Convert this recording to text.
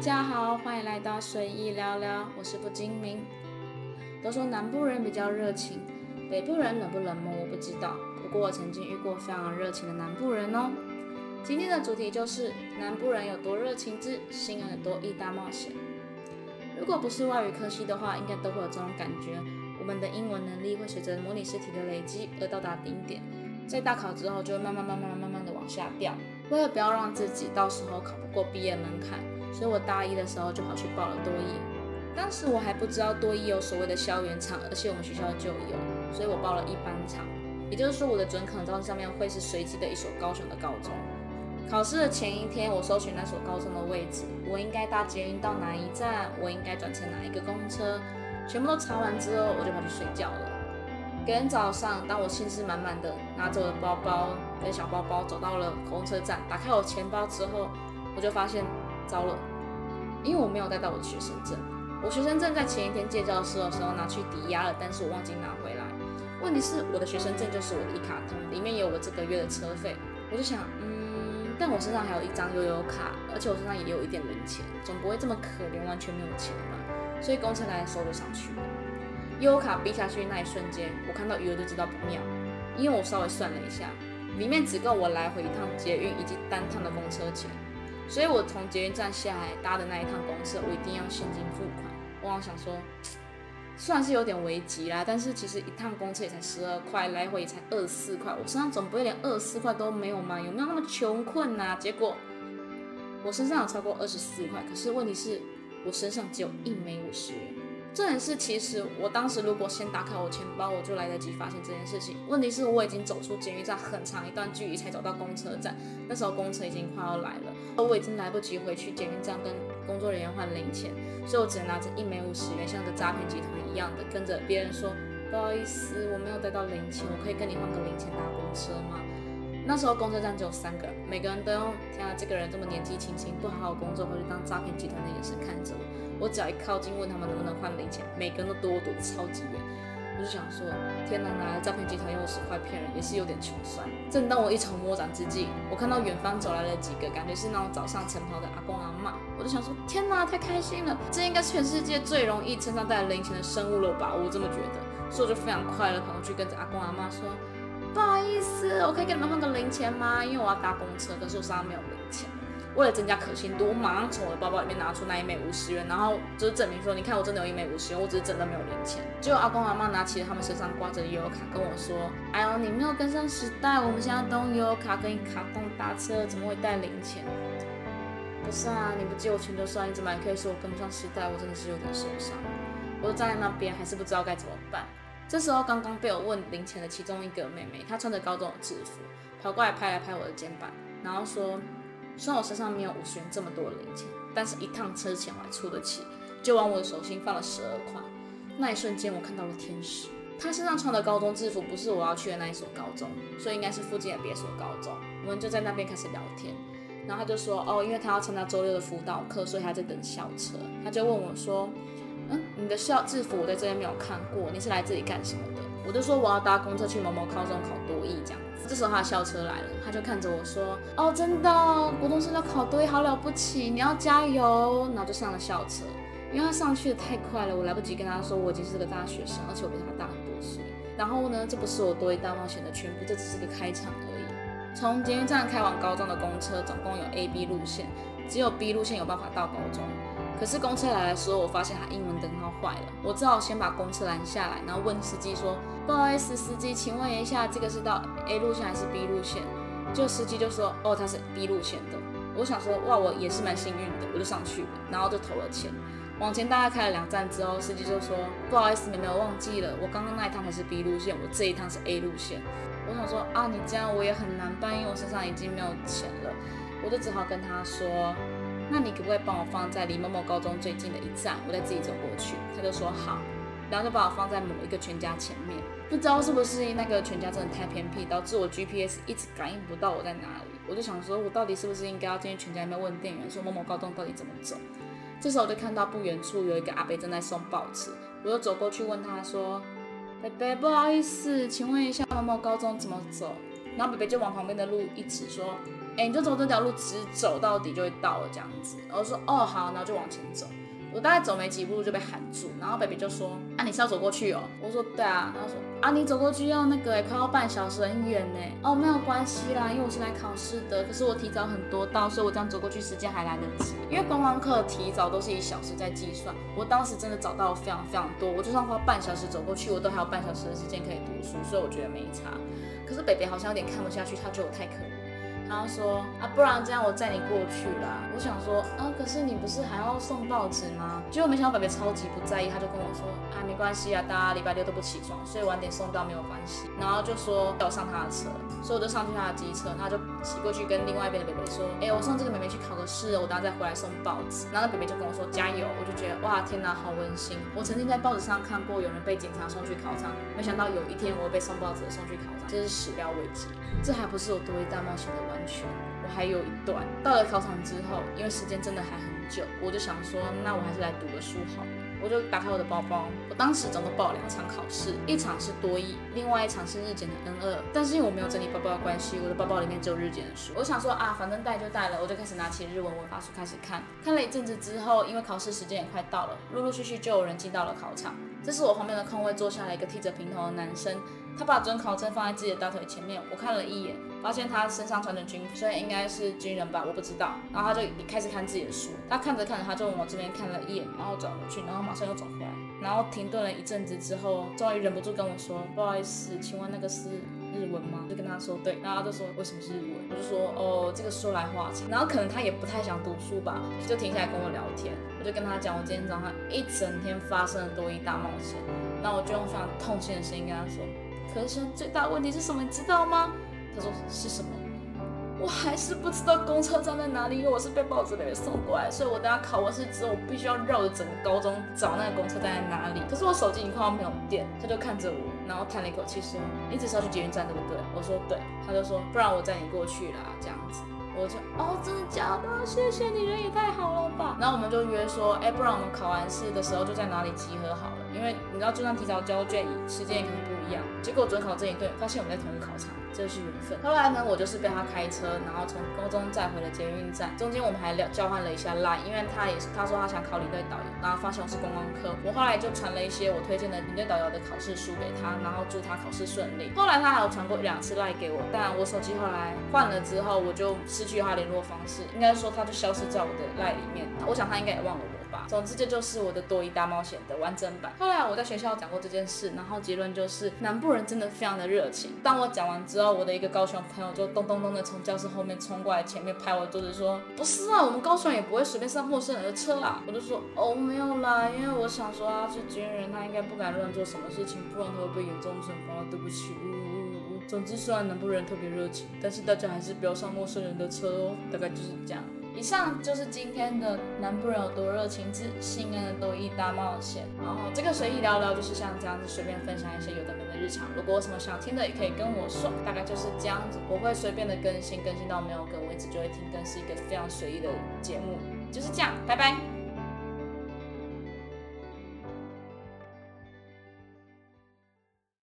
大家好，歡迎來到隨意聊聊，我是步精明。都說南部人比較熱情，北部人冷不冷漠我不知道。不過我曾經遇過非常熱情的南部人哦。今天的主題就是南部人有多熱情之幸恩的多益大冒險。如果不是外語科系的話，應該都會有這種感覺。我們的英文能力會隨着模擬試題的累積而到達頂點，在大考之後就會慢慢慢慢慢慢的往下掉。為了不要讓自己到時候考不過畢業門檻。所以我大一的時候就跑去報了多益。當時我還不知道多益有所謂的校園場，而且我們學校就有，所以我報了一般場，也就是說我的准考證上面會是隨機的一所高雄的高中。考試的前一天，我搜尋那所高中的位置，我應該搭捷運到哪一站，我應該轉乘哪一個公車，全部都查完之後，我就跑去睡覺了。隔天早上，當我信心滿滿的拿着我的包包跟小包包走到了公車站，打開我錢包之後，我就發現。糟了，因為我沒有帶到我的學生證。我學生證在前一天借教室的時候拿去抵押了，但是我忘記拿回來。問題是，我的學生證就是我的一卡通，裡面有我這個月的車費。我就想，嗯，但我身上還有一張悠遊卡，而且我身上也有一點零錢，總不會這麼可憐完全沒有錢吧？所以公車來收了上去了。悠遊卡嗶下去那一瞬間，我看到餘額就知道不妙，因為我稍微算了一下，裡面只夠我來回一趟捷運以及單趟的公車錢。所以我從捷運站下來搭的那一趟公車，我一定要現金付款。我好想說，雖然是有點危機啦，但是其實一趟公車也才十二塊，來回也才二十四塊，我身上總不會連二十四塊都沒有嘛，有沒有那麼窮困吶、啊？結果我身上有超過二十四塊，可是問題是我身上只有一枚五十元。重點是，其實我當時如果先打開我錢包，我就來得及發現這件事情。問題是我已經走出捷運站很長一段距離才走到公車站，那時候公車已經快要來了，而我已經來不及回去捷運站跟工作人員換零錢，所以我只能拿着一枚五十元，像個詐騙集團一樣的跟着別人說：“不好意思，我沒有得到零錢，我可以跟你換個零錢搭公車嗎？”那時候公車站只有三個人，每個人都用天啊，這個人這麼年紀輕輕，不好好工作，或是當詐騙集團的眼神看着我。我只要一靠近問他們能不能換零錢，每個人都躲我躲得超級遠。我就想說，天哪，哪來的詐騙集團用十塊騙人，也是有點窮酸。正當我一籌莫展之際，我看到遠方走來了幾個，感覺是那種早上晨跑的阿公阿嬤。我就想說，天吶，太開心了，這應該是全世界最容易身上帶零錢的生物了吧？我這麼覺得，所以我就非常快樂跑過去跟着阿公阿嬤說。不好意思，我可以給你們換個零錢嗎？因為我要搭公車，可是我身上沒有零錢。為了增加可信度，我馬上從我的包包裡面拿出那一枚五十元，然後就是證明說，你看我真的有一枚五十元，我只是真的沒有零錢。結、嗯、果阿公阿媽拿起了他們身上掛着的悠遊卡，跟我說、嗯：“哎呦，你沒有跟上時代，我們現在都用悠遊卡跟一卡通搭車，怎麼會帶零錢？”不是啊，你不借我錢就算，你怎麼還可以說我跟不上時代，我真的是有點受傷。我就站在那邊還是不知道該怎麼辦。這時候，剛剛被我問零錢的其中一個妹妹，她穿着高中的制服，跑過來拍了拍我的肩膀，然後說：“雖然我身上沒有五十元這麼多零錢，但是一趟車錢我還出得起。”就往我的手心放了十二塊。那一瞬間，我看到了天使。她身上穿的高中制服不是我要去的那一所高中，所以應該是附近的別所高中。我們就在那邊開始聊天，然後她就說：“哦，因為她要參加周六的輔導課，所以她在等校車。”她就問我說。嗯、你的校制服，我在這邊沒有看過，你是來這裡幹什麼的？我就說我要搭公車去某某高中考多益，這樣子。這時候，他校車來了，他就看着我說，哦，真的，國中生要考多益，好了不起，你要加油。然後就上了校車，因為他上去的太快了，我來不及跟他說我已經是個大學生，而且我比他大很多歲。然後呢，這不是我多益大冒險的全部，這只是個開場而已。從捷運站開往高中的公車總共有 A、B 路線，只有 B 路線有辦法到高中。可是公車來，來的時候，我發現他英文燈泡壞了，我只好先把公車攔下來，然後問司機說：“不好意思，司機，請問一下，這個是到 A 路線還是 B 路線？”就司機就說：“哦，他是 B 路線的。”我想說：“哇，我也是蠻幸運的。”我就上去了，然後就投了錢。往前大概開了兩站之後，司機就說：“不好意思，妹妹，忘記了，我剛剛那一趟還是 B 路線，我這一趟是 A 路線。”我想說：“啊，你這樣我也很難辦，因為我身上已經沒有錢了。”我就只好跟他說。那你可不可以幫我放在離某某高中最近的一站，我再自己走過去？他就說好，然後就把我放在某一個全家前面。不知道是不是那個全家真的太偏僻，導致我 GPS 一直感應不到我在哪裡。我就想說，我到底是不是應該要進去全家裡面問店員說某某高中到底怎麼走？這時候我就看到不遠處有一個阿伯正在送報紙，我就走過去問他說：“伯伯，不好意思，請問一下某某高中怎麼走？”然後伯伯就往旁邊的路一指說。哎、欸，你就走這條路，直走到底就會到了，這樣子。然後我說，哦，好，然後就往前走。我大概走沒幾步路就被喊住，然後北北就說，啊，你是要走過去哦？我說，對啊。他說，啊，你走過去要那個，快要半小時，很遠呢。哦，沒有關係啦，因為我是來考試的，可是我提早很多到，所以我這樣走過去時間還來得及。因為觀光課提早都是以小時在計算，我當時真的找到了非常非常多，我就算花半小時走過去，我都還有半小時的時間可以讀書，所以我覺得沒差。可是北北好像有點看不下去，他覺得我太可。憐。然後說啊，不然這樣，我載你過去啦。我想說啊，可是你不是還要送報紙嗎？結果沒想到北北超級不在意，他就跟我說啊、哎，沒關係啊，大家禮拜六都不起床，所以晚點送到沒有關係。然後就說要我上他的車，所以我就上去他的機車，他就騎過去跟另外一邊的北北說，哎，我送這個妹妹去考個試，我等下再回來送報紙。然後北北就跟我說加油，我就覺得哇，天哪，好溫馨。我曾經在報紙上看過有人被警察送去考場，沒想到有一天我會被送報紙送去考場，真是始料未及。這還不是我多益大冒險的關。我還有一段。到了考場之後，因為時間真的還很久，我就想說，那我還是來讀個書好了。我就打開我的包包，我當時總共報兩場考試，一場是多益，另外一場是日檢的 N 二。但是因為我沒有整理包包的關係，我的包包裡面只有日檢的書。我想說啊，反正帶就帶了，我就開始拿起日文文法書開始看。看了一陣子之後，因為考試時間也快到了，陸陸續續就有人進到了考場。這是我旁邊的空位，坐下來一個剃着平頭的男生，他把準考證放在自己的大腿前面，我看了一眼，發現他身上穿的軍服，所以應該是軍人吧，我不知道。然後他就一開始看自己的書，他看着看着，他就往我這邊看了一眼，然後轉過去，然後馬上又轉回來，然後停頓了一陣子之後，終於忍不住跟我說：“不好意思，請問那個是日文嗎？”就跟他說：“對。”然後他就說：“為什麼是日文？”我就說：“哦，這個說來話長。”然後可能他也不太想讀書吧，就停下來跟我聊天。我就跟他講，我今天早上一整天發生了多益大冒險。然後我就用非常痛心的聲音跟他說：“可是現在最大問題是什麼？你知道嗎？”他說是什麼？我還是不知道公車站在哪裡，因為我是被報紙裡面送過來，所以我等下考完試之後，我必須要繞着整個高中找那個公車站在哪裡。可是我手機一看到沒有電，他就看着我，然後嘆了一口氣說：“你只是要去捷運站對不對？”我說：“對。”他就說：“不然我載你過去啦。”這樣子，我就哦真的假的？謝謝你，人也太好了吧。然後我們就約說：“哎，不然我們考完試的時候就在哪裡集合好了。”因為你知道，就算提早交卷，時間也肯定不一樣。結果准考證一對，發現我們在同一個考場。這是緣分。後來呢，我就是被他開車，然後從高中載回了捷運站。中間我們還聊交換了一下賴，因為他也是，他說他想考領隊導遊，然後發現我是觀光科。我後來就傳了一些我推薦的領隊導遊的考試書給他，然後祝他考試順利。後來他還有傳過一兩次賴給我，但我手機後來換了之後，我就失去了他聯絡方式。應該說，他就消失在我的賴裡面。我想他應該也忘了我。總之，這就是我的多益大冒險的完整版。後來我在學校講過這件事，然後結論就是南部人真的非常的熱情。當我講完之後，我的一個高雄朋友就咚咚咚的從教室後面衝過來，前面拍我桌子，就是，說：“不是啊，我們高雄也不會隨便上陌生人的車啊。”我就說：“哦，沒有啦，因為我想說他是軍人，他應該不敢亂做什麼事情，不然他會被嚴重懲罰。”對不起，嗚嗚嗚。總之，雖然南部人特別熱情，但是大家還是不要上陌生人的車哦。大概就是這樣。以上就是今天的南部人有多熱情之，幸恩的多益大冒險。然、哦、後這個隨意聊聊，就是像這樣子隨便分享一些有的沒的日常。如果有什麼想聽的，也可以跟我說。大概就是這樣子，我會隨便的更新，更新到沒有梗為止就會停更，是一個非常隨意的節目，就是這樣，拜拜。